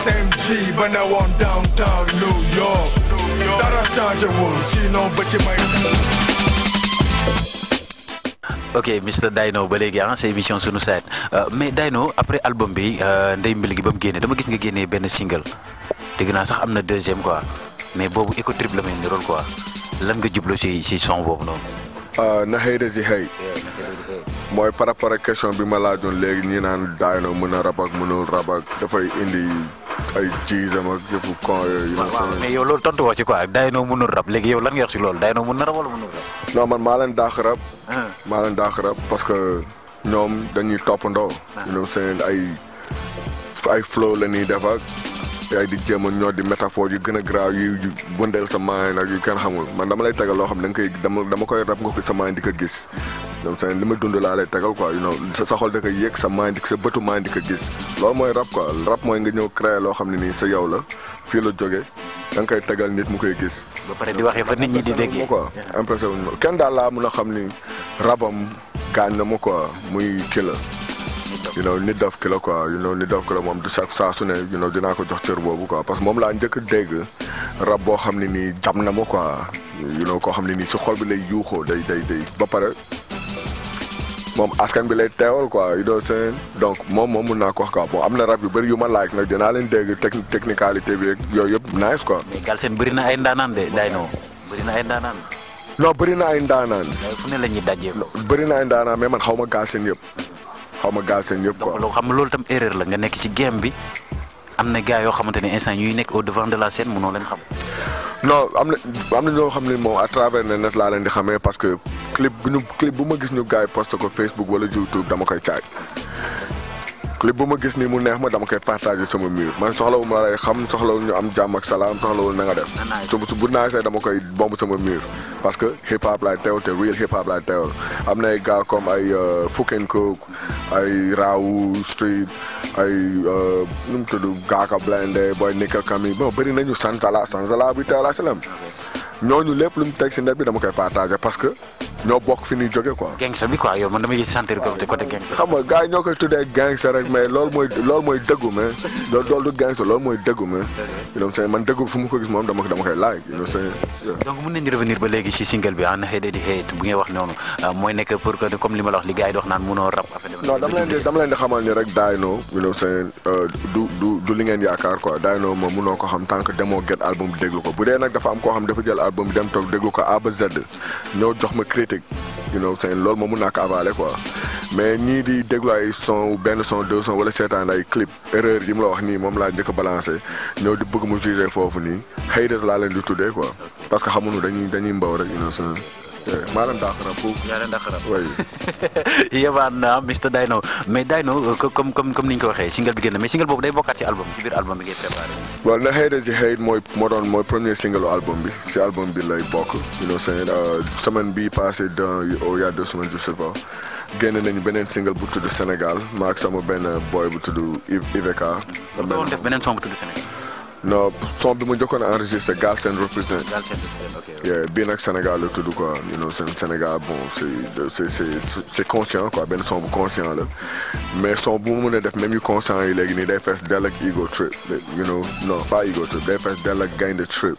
same G ba ne woon downtown New York dara changé wul sinon ba ci may ok Mr Dayno ba léegi ah, en sa émission sunu saat euh, mais Dayno après album bi euh, Ndeye Mbile gi ba mu génnee dama gis nga génnee benn single dégg naa sax am na deuxième quoi mais boobu éco trip la may niroon quoi lan nga jublu si si son boobu noonu. Euh, na xëy de si xëy. mooy par rapport ak question bi ma laa laajoon léegi ñi naan Dayno mun a rab ak mënul rab ak dafay indi. ay ci sama yëfu con yooyu. waaw mais yow loolu tontu woo ci quoi day noo mënul rab léegi yow lan nga wax ci loolu day noo mën na rab wala mënul rab. non man maa leen daax rab. Ah. maa leen daax rab parce que ñoom dañuy toppandoo. ñoom ah. seen ay ay flow la ñuy def ak ay di jéem a ñoo di métaphore yu gën a graaw yu wëndeel sa maay nag yu kenn xamul man dama lay tegal loo xam ne da nga koy dama koy rab nga ko sa maay di ko gis donc seen li ma dund laa lay tegal quoi you know sa xol da koy yëg sa maay di sa bëtu maay di ko gis loolu mooy rab quoi rab mooy nga ñëw créer loo xam ne nii sa yow la fii la jóge danga koy tegal nit mu koy gis ba pare di waxee fa nit ñi di déggee quoi impression kenn daal laa mën a xam ni rabam gaañ na mu quoi muy kii la you know nit daf ki la la moom du chaque saa su ne dinaa ko jox cër boobu quoi parce que moom laa njëkk dégg rab boo xam ne nii jam na moo quoi you koo xam ne nii su xol bi lay yuuxoo day day day ba pare moom askan bi lay teewal ko you doo seen donc moom moom mun naa ko wax quoi am na rab yu bëri yu ma laaj nag naa leen dégg tec technicalité bi rek yooyu yëpp nice quoi. mais na ay ndaanaan de Dayno bëri na ay ndaanaan. non na ay ndaanaan. fu ne la ñuy dajee. bëri na ay ndaanaan man xaw ma Galsen yëpp. xaw ma gaal seen yëpp quoi donc xam nga loolu tam erreur la nga nekk ci game bi am na gars yoo xamante ne instant ñuy nekk au devant de la scène mënoo leen xam. non am na am ñoo xam ne moom à travers le net laa leen di xamee parce que clip bu ñu clip bu ma gis ñu gars yi poste ko Facebook wala YouTube dama koy caaj. clip bu ma gis nii mu neex ma dama koy partagé sama mur man soxlawu ma lay xam soxlawul ñu am jàmm ak salaam soxlawul na nga def su su bu naasee dama koy bomb sama mur parce que hip hop laay teew te real hip hop laay teewal am na ay gars comme ay euh, Fuken Cook ay Rawu Street ay euh, nu mu tudd Gaaka Blende Boy Nika Kami bon bëri nañu Sansala Sansala bi teewal asalaam ñooñu lépp lu mu teg si net bi dama koy partagé parce que ñoo bokk fi ñuy jóge quoi. man damay sentir côté côté gangsta. xam koy tuddee gangsta rek mais loolu mooy loolu mooy dëggu mais loolu loolu du gangsta loolu mooy dëggu mais. dëgg la man dëggu fu mu ko gis moom dama koy laaj. donc mën nañu revenir ba noonu euh, dama leen di xamal ni rek Dayno. you euh, du li ngeen yaakaar quoi Dayno moom mënoo ko xam tant que get album déglu ko bu dee nag dafa am koo xam dafa jël album bi dem toog déglu ko A ba Z ñëw jox ma critique you know seen loolu moom mun naa ko avaler mais ñii di déglu ay son benn son deux son wala seetaan ay clip erreur yi mu la wax nii moom laa njëkk a balancé ñëw di bëgg mu jugé foofu nii xëy des laa leen di tuddee quoi parce que xamuñu dañuy dañuy mbaw rek you know Eh, maa leen dàq rab foofu. maa leen dàq rab oui. (laughs) yebaan naa Mr Dayno mais Dayno euh, comme comme comme ni ñu ko waxee single bi génn mais single boobu day bokkaat ci album ci biir album bi ngay préparé. waaw na xëy na si xëy mooy moo doon mooy premier single album bi si album bi lay bokk. you know seen euh, semaine bii passé dans il y a deux semaines je sais pas génn nañu beneen single bu tudd Sénégal maa ak sama benn boy bu tudd Iveka. benn woon def beneen son bu tudd Sénégal. non son bi mu jokkoon enregistré Galsen represent bii nag sénégale la tudd quoi you know Sénégal bon c' est c' conscient quoi benn son bu conscient la mais son bu mu mën a def même yu conscient yi léegi nii day fees dell ak ego trip you know non pas ego ak gaynde trip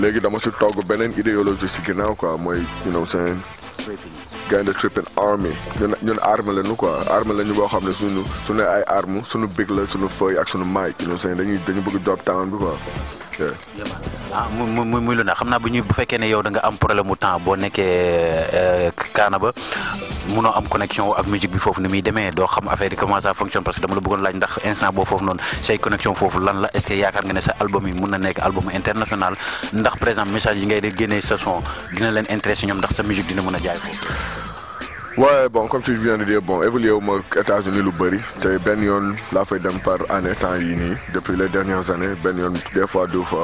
léegi dama si togg beneen idéologie si ginnaaw quoi mooy you know seen gaynde tripping army ñun ñun arme lañu quoi arme lañu boo xam ne suñu suñu ay arme suñu big la suñu feuille ak suñu maay you know dañuy dañu bëgg job town bi quoi Ah, mu mu muy lu na xam naa bu ñu bu fekkee ne yow da nga am problème mu temps boo nekkee euh, Kaanaba munoo am connexion ak musique bi foofu ni muy demee doo xam affaire yi comment ça fonctionne parce que dama la bëggoon laaj ndax instant boo foofu noonu say connexion foofu lan la est-ce que yaakaar nga ne sa album yi mun na nekk album international ndax par message yi ngay di génnee sa son dina leen intéressé ñoom ndax sa musique dina mën a jaay foofu Ouais, bon, comme tu viens de dire, bon, évoluer aux États-Unis, Loubari, c'est ben la fête d'un par année, temps yini, depuis les dernières années, Benyon, deux fois, deux fois.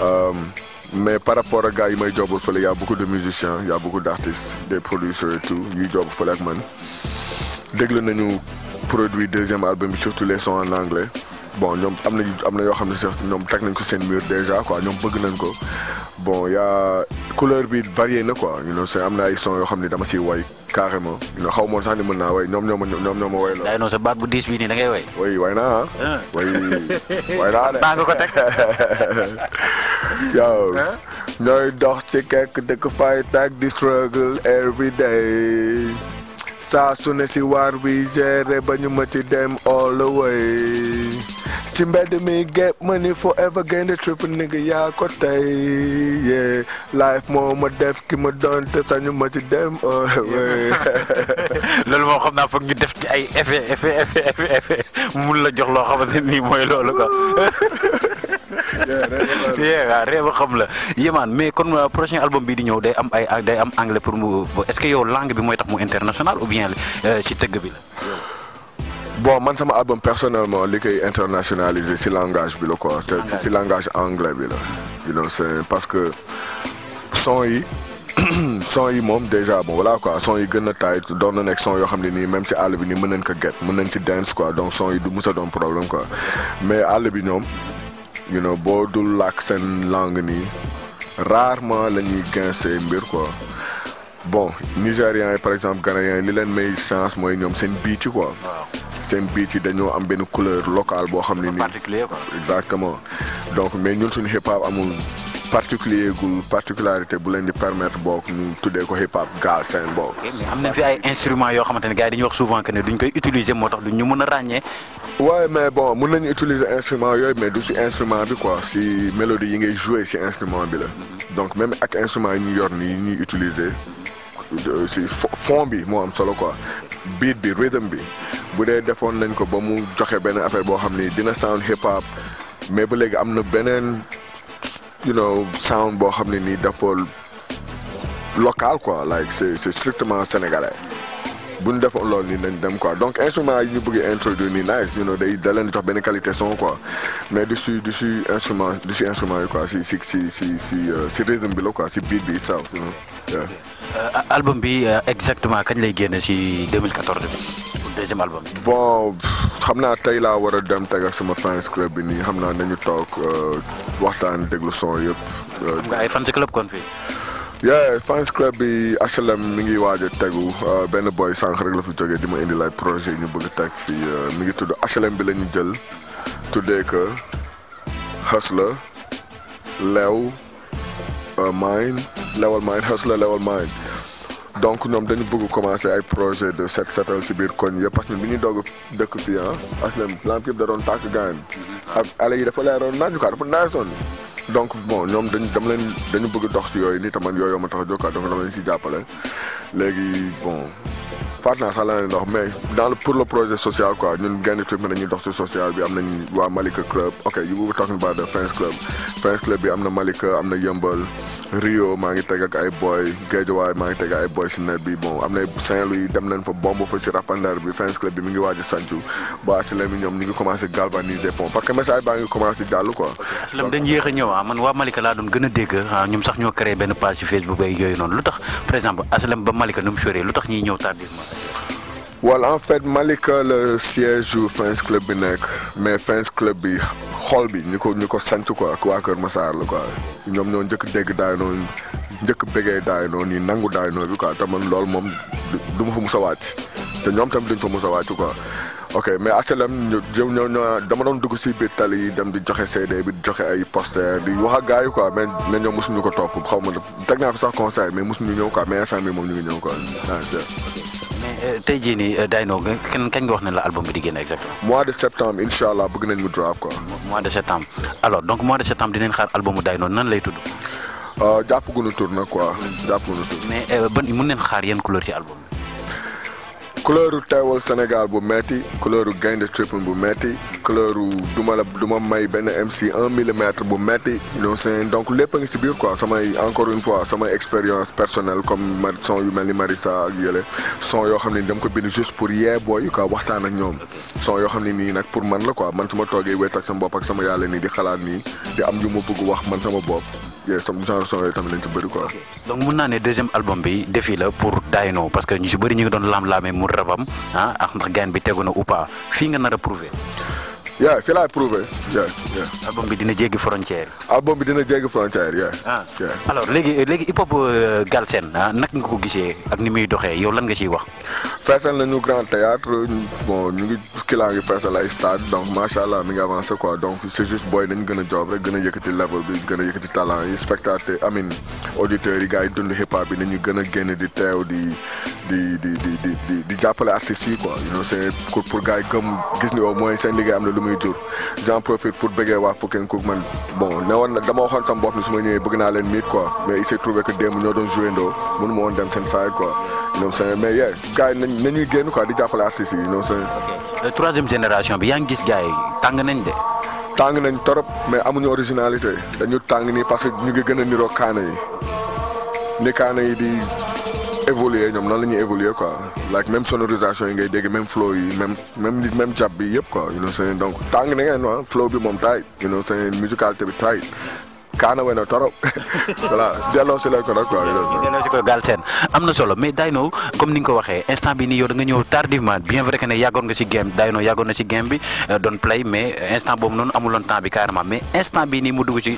Euh, mais par rapport à Guy, il job il y a beaucoup de musiciens, il y a beaucoup d'artistes, des producteurs et tout, ils job for Dès que nous produit deuxième album, surtout les sons en anglais, bon ñoom am nañu am na yoo xam ne nañ ko seen mur déjà quoi ñoom bëgg nañ ko bon yaa couleur bi varié na quoi you know c'est am ay son yoo xam dama siy way carrément you know xaw sax ni mën way ñoom ñoo ma ñoom ñoo ma way la. sa baat bu diis bii nii da ngay way. way way naa ah. ah. way way naa de. nga ko teg. (laughs) yow ah. ñooy dox ci kekk dëkk fay tag di struggle every day. saa su ne si waar bi géré ba ñu ma ci dem all the way. ci mbedd mi get money forever gain trip nigga yaa ko tey yeah life moo ma def ki ma doon def sañu dem oh, (laughs) (laughs) loolu moo xam naa foog ñu def ci ay effet effet effet effet mun la jox loo xamante nii mooy loolu ko (laughs) yee waaw réew xam la Yémane mais kon euh, prochain album bi di ñëw day am ay day am anglais pour mu est-ce que yow langue bi mooy tax mu international ou bien euh, ci tëgg bi la bon man sama album personnellement li koy internationalisé si langage bi la quoi si langage anglais bi la you know c'est parce que son yi (clears throat) son yi mom, déjà bon voilà quoi son yi gën a taay doon na nekk son yoo xam même si àll bi nii mën nañ ko get mën nañ ci dance quoi donc son yi du musa doon problème quoi mais àll bi ñoom you know boo dul l'accent langue ni, rarement la ñuy gën seen mbir quoi bon Nigérians par exemple Ghanéens li len may chance moy ñom seen biici quoi. seen biici dañoo am ben couleur locale bo xam ni exactement donc mais ñun suñu hip hop amul. particulier gu particularité bu len di permettre bok ñu tuddee ko hip hop gaal seen bok mais am fi ay instruments yo xamanteni gars wax souvent que ne duñ koy utiliser motax du ñu mëna ragné ràññee. mais bon mëna ñu utiliser instrument yoy mais du si instrument bi quoi si mélodie yi ngay jouer si instrument bi la. Mm-hmm. donc même ak instrument ñu yor ni ñuy utiliser. si fon bi moo am solo quoi beat bi rhythm bi bu dee defoon nañ ko ba mu joxe benn affaire boo xam ni dina sound hip hop mais ba léegi am na beneen you know sound boo xam ne nii dafa local quoi like c'est c'est strictement bu ñu defoon loolu nii lañ dem quoi donc instrument yi ñu bëgg a introduire nii nice you know day da di jox benn qualité son quoi mais du si du si instrument du si instrument yi quoi si si si si si euh, si bi la quoi si beat bi itself you know yeah. Euh, album bi euh, exactement kañ lay génn si 2014 bi deuxième album bi. bon xam naa tey laa war a dem teg ak sama fans club bi nii xam naa nañu toog waxtaan déglu son yëpp. ay fans club kon fii. yeah fans club bi HLM mi ngi waaj a tegu euh, benn boy sànq rek la fi jógee di ma indi lay projet ñu bëgg teg fii euh, mi ngi tudd HLM bi la ñu jël tuddee que Hustler lew euh, mine lewal mine Hustler lewal mine donc ñoom dañu bëgg commencer ay projet de set setal ci biir koñ yëpp parce que bi ñuy doog dëkk fii ah HLM lamp yëpp da doon tàkk gaan mhm. ak ale yi dafa leeroon naaju quoi dafa naajoon donc bon ñoom dañu dama leen dañu bëgg dox si yooyu ni taman yooyu ma tax a jóg quoi donc dama si jàppale léegi bon. partenaire sax la leen dox mais dans le pour le projet social quoi ñun Gaynde Tube dañuy dox si social bi am nañ waa Malika club ok you were talking about the fans club bi am ngi teg a sancu ba si lami ñoom ñu ngi commencé galvaniser pont parce que message baa ngi commencé jàll quoi. lam a ñëw ah man waa Malika a dégg ah, ñoom sax ñoo créé benn page si lu tax ba Malika nu mu sori lu tax ñuy ñëw tardivement wala en fait Malika le siège u Fans Club bi nekk mais Fans Club bi xool bi ñu ko ñu ko sant ak waa Kër Massar la quoi ñoom ñoo njëkk dégg daay noonu njëkk bégee daay noonu nii nangu daay noonu bi quoi te man moom du ma fa mus a wàcc te ñoom tamit duñ fa mus a wàcc quoi ok mais HLM ñu ñoo ñoo dama doon dugg si biir tali yi dem di joxe CD bi joxe ay poster di wax yi quoi mais mais ñoom ko topp xaw ma teg naa fi sax concert mais mosuñu ñëw quoi mais instant bi moom ñu ngi ñëw quoi ah mais euh, tey jii nii euh, Dayno kenn kañ nga wax ne la album bi di génn exactement. mois de septembre incha allah bëgg nañ mu drop quoi. mois de septembre alors donc mois de septembre dinañ xaar albumu Dayno nan lay tudd. Euh, jàpp gu nu tur nag quoi jàpp gu nu tur. mais ban mën nañ xaar yan couleur ci album bi. couleuru Sénégal bu metti couleuru gaynde triple bu metti couleur du ma du ma may benn MC 1 mm bu metti ñoo seen donc lépp a ngi si biir quoi samay encore une fois samay expérience personnelle comme ma son yu mel ni Marissa ak yële son yoo xam ne dama ko bind juste pour yee booy quoi waxtaan ak ñoom son yoo xam ne nii pour man la quoi man su ma toogee wet ak sama bop ak sama yàlla nii di xalaat nii di am yu ma bëgg wax man sama bopp. som genre son yooyu tamit lañ ci album bi défi la pour Dayno parce que ñu si bëri ñu ngi doon lam-laamee mu rabam ah ndax gaan bi tegu na ou pas nga nar a prouver. yeah fii laay prouvé yeah yeah. album bi dina jéggi frontière. album bi dina jéggi frontière yeah. ah alors léegi léegi hip hop euh, Galsen ah naka nga ko gisee ak ni muy doxee yow lan nga ciy wax. feesal nañu grand théâtre bon ñu ngi kilaa ngi feesal ay stade donc macha allah mi ngi avancé quoi donc c' est juste booy nañ gën a job rek gën a yëkkati level bi gën a yëkkati talent yi spectateur amin auditeurs yi gars yi dund hip hop bi nañu gën génn di teew di di di di di di jàppale artistes yi quoi you know c' est pour muy jur j'en profite pour bëggee waa Foukenkoog man bon ne woon dama waxoon sama bopp ni ñëwee bëgg naa leen miit quoi mais il s'est trouvé que ñoo doon joué ndoo mënu ma seen saay quoi ñoom seen mais yee gars nañuy génn quoi di jàppale artistes yi ñoom seen. ok euh, troisième bi yaa ngi gis gars nañ de. tàng nañ torop mais amuñu originalité dañu tàng nii parce ñu ngi gën a kaana yi ni kaana yi di. évoluer ñoom noonu la ñuy évoluer quoi like même sonorisation yi ngay dégg même flow yi même même bi yëpp quoi you know seen donc tàng na ah, flow bi moom tight you know seen musicalité bi tight kaana we torop (laughs) voilà delloo si la ko nag quoi. delloo si ko gaal seen am na solo mais Dyno comme ni nga ko waxee instant bi nii yow da nga ñëw tardivement bien vrai que ne yàggoon nga si game bi euh, doon play mais instant boobu noonu amuloon temps bi carrément mais instant bi nii mu dugg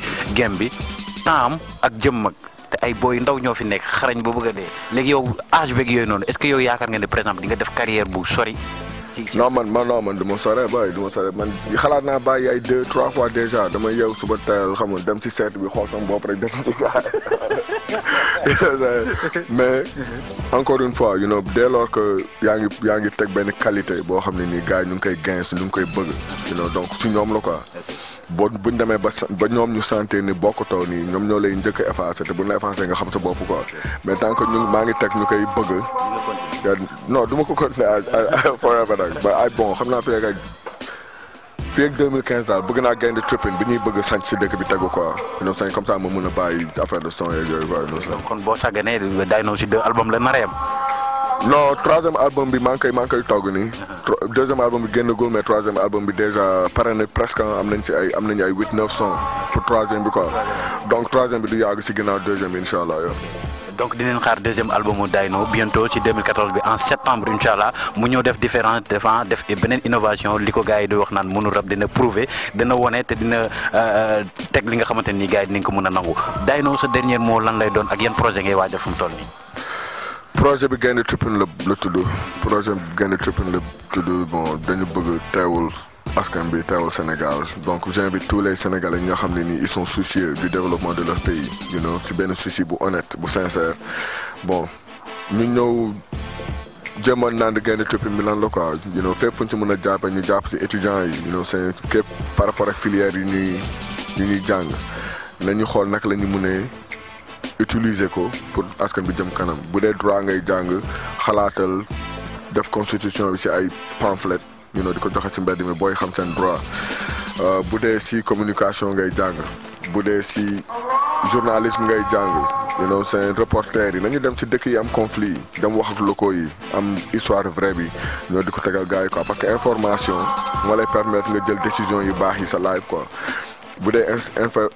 te ay booy ndaw ñoo fi nekk xarañ ba bëgg a dee léegi yow âge beeg yooyu noonu est-ce que yow yaakaar nga ne par exemple di nga def carrière bu sori. non man man non man du ma sore man xalaat naa bàyyi ay deux trois fois déjà damay yeew suba teel xam dem si seet bi xool sama bopp rek dem si (laughs) mais encore une fois you know dès lors yaa ngi yaa ngi teg benn qualité boo xam ne nii gars yi ñu ngi koy gain ñu ngi koy bëgg you know donc si ñoom la quoi bu buñ demee ba ba ñoom ñu sentir ni bokkutoo nii ñoom ñoo lay njëkk a effacé te buñ la effacé nga xam sa bopp ko mais tant que ñu maa ngi teg ñu koy bëgg non du ma ko continuer forever nag ba ay bon xam naa fi fii ak 2015 daal bëgg naa gaynde tripping bi ñuy bëgg a sànc si dëkk bi tegu quoi ñoom sañ comme ça ma mën a bàyyi affaire de son yeeg yooyu quoi. kon boo sàgganee Dino si album la nar a yem album bi maa ngi togg nii. deuxième album bi génnagul mais troisième album bi déjà pare na presque am am nañu ay huit neuf sons pour bi quoi donc troisième bi du yàgg si ginnaaw deuxième bi incha allah donc dinañ xaar deuxième albumu Dino bientôt ci 2014 bi en septembre incha mu ñëw def différent devant def beneen innovation liko gaay di wax naan mënu rab dina prouver dina woné té dina euh, euh, teg li nga xamanteni ni gars yi dinañ ko mën a nangu Dino, sa dernier mot lan lay doon ak yeen projet ngay waajal fu mu toll nii. projet bi gaynde trippin le la do. projet bi gaynde le la do bon dañu bëgg tawul askan bi au Sénégal donc j'invite tous les Sénégalais à ils sont soucieux du développement de leur pays you know un souci bu honnête bu sincère bon nous, ñëw naan gens la you know fépp étudiants you know que par rapport ak filières nous, ñuy yi ñuy jàng nañu xool utiliser ko pour askan bi jëm kanam bu droit ngay def constitution bi pamphlet ñu know di ko joxe ci mbedd mi booy xam seen droit euh, bu dee si communication ngay jàng bu dee si journalisme ngay jàng you know seen reporter yi nañu dem si dëkk yi am conflit yi dem wax ak locaux yi am histoire vraie bi ñoo di ko tegal gars yi quoi parce que information moo lay permettre nga jël décision yu baax yi sa live quoi bu dee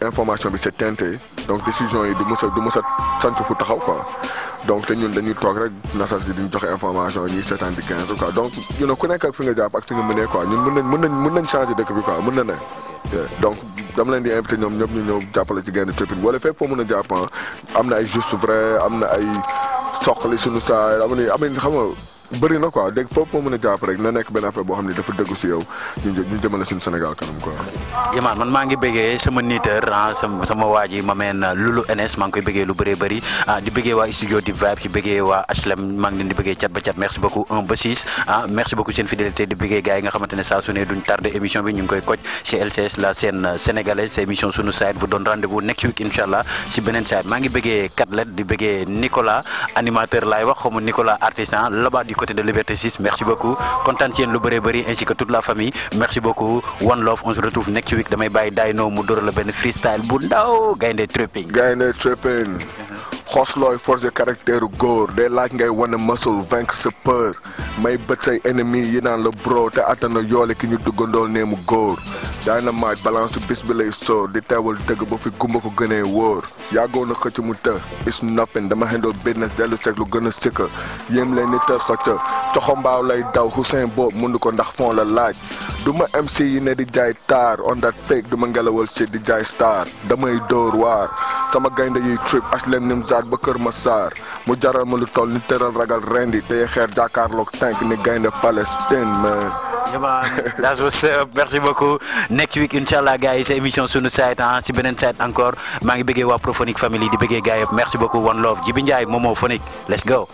information bi c'est teinté donc décision yi du mës a du mës a sant fu taxaw quoi donc te ñun dañuy toog rek nasas yi duñ joxe information ñuy seetaan di quinze quoi donc ne ku nekk ak fi nga jàpp ak fi nga mënee quoi ñun mën nañ mën nañ mën nañ changer dëkk bi quoi mën na ne donc dama leen di invité ñoom ñëpp ñu ñëw jàppale ci Gaindé Théophile wala fépp foo mën a jàpp ah, am na ay juste vrai am na ay soqali sunu saa am na xam nga bëri na quoi dégg foofu moo mën a jàpp rek na nekk benn affaire boo xam ne dafa dëggu si yow ñu ñu jëmale suñu Sénégal kanam quoi. man ngi sama niteur ah sama sama waa ma ah, Lulu NS maa ngi koy beri lu bëree bëri ah di bëggee waa studio di vibe ci bëggee waa HLM maa ngi di bëggee cat ba chat merci beaucoup 1 ba 6 ah merci beaucoup seen fidélité di bëggee gars yi nga xamante ne saa su ne duñ tardé émission bi ñu ngi koy koj ci LCS la scène euh, sénégalaise sa émission sunu side vous donne rendez-vous next week insyaallah si beneen side maa ngi Catlet Katlet di bëggee Nicolas animateur laay wax xamu Nicolas artisan ah, laba di côté de Liberté 6 merci beaucoup Contentien, le ainsi que toute la famille merci beaucoup one love on se retrouve next week damay bàyyi Dayno mu dóor freestyle bu ndaw gaynde tripping Hosloy for the character gore. They like nga wanna muscle vank super. May but say enemy yin and bro. They Te atano yole kin you to gondol name gold? Dynamite balance to bisbelay so. The tie will take a buffy gumbo gunna war. Ya go no kachu muta. It's nothing. The man handle business. They look like gunna sticker. Yem lay nita kacha. Tokom bao lay dao. Hussein bo. Mundu kondak fon la light. Do my MC yin edi jai tar. On that fake. Do man gala world shit. Di jai star. Do my door war. Sama gain the trip. Ashlem nim zar. ba Kër Massar mu jaral ma lu toll ni tëral ragal rendi tey xeer jàkkaarloog tànk ni gaynde Palestine man. That's what's up uh, merci beaucoup next week incha allah sa émission sunu site ah si beneen site encore maa ngi bëggee waa Prophonique family di bëggee gars yëpp merci beaucoup one love Jibi Ndiaye moom moo Phonique let's go.